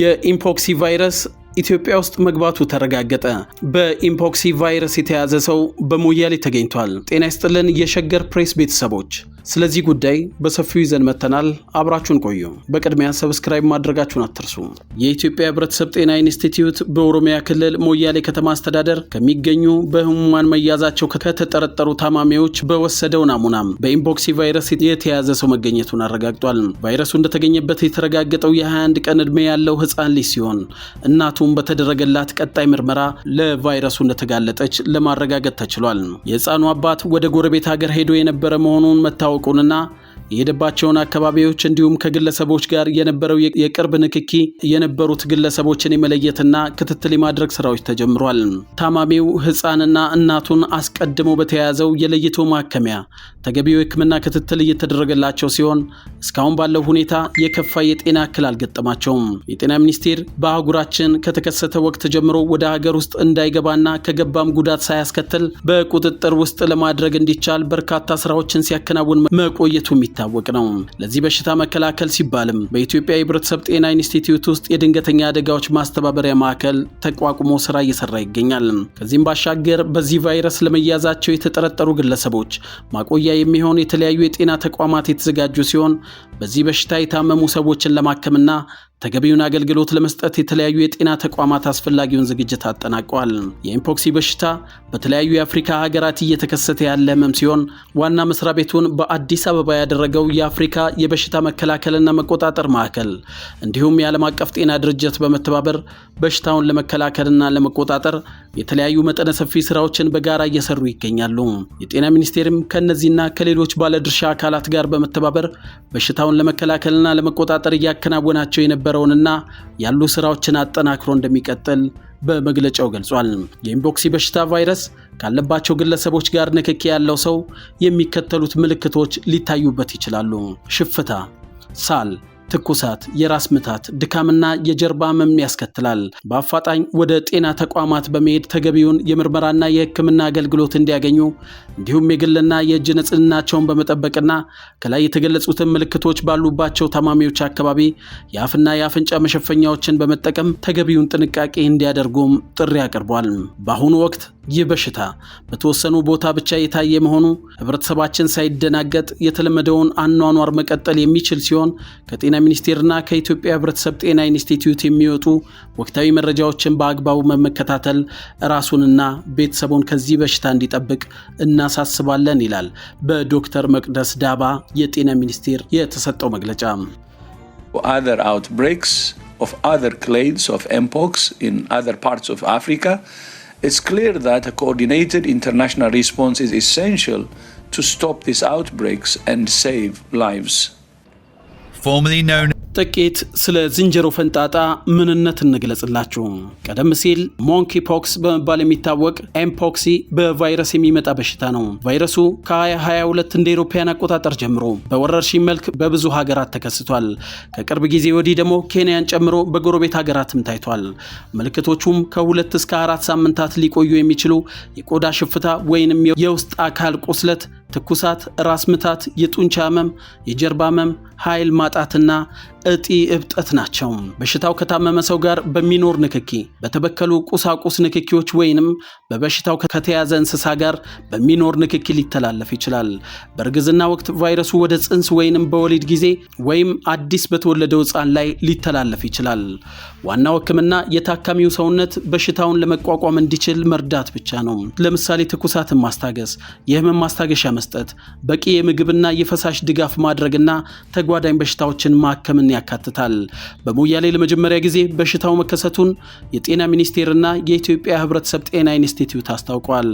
የኢምፖክሲ ቫይረስ ኢትዮጵያ ውስጥ መግባቱ ተረጋገጠ። በኢምፖክሲ ቫይረስ የተያዘ ሰው በሞያሌ ተገኝቷል። ጤና ይስጥልን የሸገር ፕሬስ ቤተሰቦች ስለዚህ ጉዳይ በሰፊው ይዘን መተናል። አብራችሁን ቆዩ። በቅድሚያ ሰብስክራይብ ማድረጋችሁን አትርሱ። የኢትዮጵያ ሕብረተሰብ ጤና ኢንስቲትዩት በኦሮሚያ ክልል ሞያሌ ከተማ አስተዳደር ከሚገኙ በህሙማን መያዛቸው ከተጠረጠሩ ታማሚዎች በወሰደው ናሙና በኢምቦክሲ ቫይረስ የተያዘ ሰው መገኘቱን አረጋግጧል። ቫይረሱ እንደተገኘበት የተረጋገጠው የ21 ቀን ዕድሜ ያለው ህፃን ልጅ ሲሆን እናቱም በተደረገላት ቀጣይ ምርመራ ለቫይረሱ እንደተጋለጠች ለማረጋገጥ ተችሏል። የህፃኑ አባት ወደ ጎረቤት ሀገር ሄዶ የነበረ መሆኑን መታወ ማወቁንና የሄደባቸውን አካባቢዎች እንዲሁም ከግለሰቦች ጋር የነበረው የቅርብ ንክኪ የነበሩት ግለሰቦችን የመለየትና ክትትል የማድረግ ስራዎች ተጀምሯል። ታማሚው ህፃንና እናቱን አስቀድሞ በተያያዘው የለይቶ ማከሚያ ተገቢው የሕክምና ክትትል እየተደረገላቸው ሲሆን እስካሁን ባለው ሁኔታ የከፋ የጤና እክል አልገጠማቸውም። የጤና ሚኒስቴር በአህጉራችን ከተከሰተ ወቅት ጀምሮ ወደ ሀገር ውስጥ እንዳይገባና ከገባም ጉዳት ሳያስከትል በቁጥጥር ውስጥ ለማድረግ እንዲቻል በርካታ ስራዎችን ሲያከናውን መቆየቱ የሚታወቅ ነው። ለዚህ በሽታ መከላከል ሲባልም በኢትዮጵያ የህብረተሰብ ጤና ኢንስቲትዩት ውስጥ የድንገተኛ አደጋዎች ማስተባበሪያ ማዕከል ተቋቁሞ ስራ እየሰራ ይገኛል። ከዚህም ባሻገር በዚህ ቫይረስ ለመያዛቸው የተጠረጠሩ ግለሰቦች ማቆያ የሚሆን የተለያዩ የጤና ተቋማት የተዘጋጁ ሲሆን በዚህ በሽታ የታመሙ ሰዎችን ለማከምና ተገቢውን አገልግሎት ለመስጠት የተለያዩ የጤና ተቋማት አስፈላጊውን ዝግጅት አጠናቀዋል። የኢምፖክሲ በሽታ በተለያዩ የአፍሪካ ሀገራት እየተከሰተ ያለ ህመም ሲሆን ዋና መስሪያ ቤቱን በአዲስ አበባ ያደረገው የአፍሪካ የበሽታ መከላከልና መቆጣጠር ማዕከል እንዲሁም የዓለም አቀፍ ጤና ድርጅት በመተባበር በሽታውን ለመከላከልና ለመቆጣጠር የተለያዩ መጠነ ሰፊ ስራዎችን በጋራ እየሰሩ ይገኛሉ። የጤና ሚኒስቴርም ከእነዚህና ከሌሎች ባለድርሻ አካላት ጋር በመተባበር በሽታውን ለመከላከልና ለመቆጣጠር እያከናወናቸው የነበረውንና ያሉ ስራዎችን አጠናክሮ እንደሚቀጥል በመግለጫው ገልጿል። የኢምቦክሲ በሽታ ቫይረስ ካለባቸው ግለሰቦች ጋር ንክኪ ያለው ሰው የሚከተሉት ምልክቶች ሊታዩበት ይችላሉ። ሽፍታ፣ ሳል ትኩሳት፣ የራስ ምታት፣ ድካምና የጀርባ ህመም ያስከትላል። በአፋጣኝ ወደ ጤና ተቋማት በመሄድ ተገቢውን የምርመራና የህክምና አገልግሎት እንዲያገኙ እንዲሁም የግልና የእጅ ንጽህናቸውን በመጠበቅና ከላይ የተገለጹትን ምልክቶች ባሉባቸው ታማሚዎች አካባቢ የአፍና የአፍንጫ መሸፈኛዎችን በመጠቀም ተገቢውን ጥንቃቄ እንዲያደርጉም ጥሪ አቅርቧል። በአሁኑ ወቅት ይህ በሽታ በተወሰኑ ቦታ ብቻ የታየ መሆኑ ህብረተሰባችን ሳይደናገጥ የተለመደውን አኗኗር መቀጠል የሚችል ሲሆን ከጤና ሚኒስቴርና ከኢትዮጵያ ህብረተሰብ ጤና ኢንስቲትዩት የሚወጡ ወቅታዊ መረጃዎችን በአግባቡ መመከታተል ራሱንና ቤተሰቡን ከዚህ በሽታ እንዲጠብቅ እናሳስባለን ይላል በዶክተር መቅደስ ዳባ የጤና ሚኒስቴር የተሰጠው መግለጫ። other outbreaks of other clades of mpox in other parts of Africa It's clear that a coordinated international response is essential to stop these outbreaks and save lives. Formerly known ጥቂት ስለ ዝንጀሮ ፈንጣጣ ምንነት እንግለጽላችሁ። ቀደም ሲል ሞንኪ ፖክስ በመባል የሚታወቅ ኤምፖክሲ በቫይረስ የሚመጣ በሽታ ነው። ቫይረሱ ከ2022 እንደ ኤሮፓያን አቆጣጠር ጀምሮ በወረርሽኝ መልክ በብዙ ሀገራት ተከስቷል። ከቅርብ ጊዜ ወዲህ ደግሞ ኬንያን ጨምሮ በጎረቤት ሀገራትም ታይቷል። ምልክቶቹም ከሁለት እስከ አራት ሳምንታት ሊቆዩ የሚችሉ የቆዳ ሽፍታ ወይንም የውስጥ አካል ቁስለት ትኩሳት፣ ራስ ምታት፣ የጡንቻ ህመም፣ የጀርባ ህመም፣ ኃይል ማጣትና እጢ እብጠት ናቸው። በሽታው ከታመመ ሰው ጋር በሚኖር ንክኪ፣ በተበከሉ ቁሳቁስ ንክኪዎች ወይንም በበሽታው ከተያዘ እንስሳ ጋር በሚኖር ንክኪ ሊተላለፍ ይችላል። በእርግዝና ወቅት ቫይረሱ ወደ ጽንስ ወይንም በወሊድ ጊዜ ወይም አዲስ በተወለደው ህፃን ላይ ሊተላለፍ ይችላል። ዋናው ህክምና የታካሚው ሰውነት በሽታውን ለመቋቋም እንዲችል መርዳት ብቻ ነው። ለምሳሌ ትኩሳትን ማስታገስ፣ የህመም ማስታገሻ መስጠት፣ በቂ የምግብና የፈሳሽ ድጋፍ ማድረግና ተጓዳኝ በሽታዎችን ማከምን ያካትታል። በሞያሌ ለመጀመሪያ ጊዜ በሽታው መከሰቱን የጤና ሚኒስቴርና የኢትዮጵያ ሕብረተሰብ ጤና ኢንስቲትዩት አስታውቋል።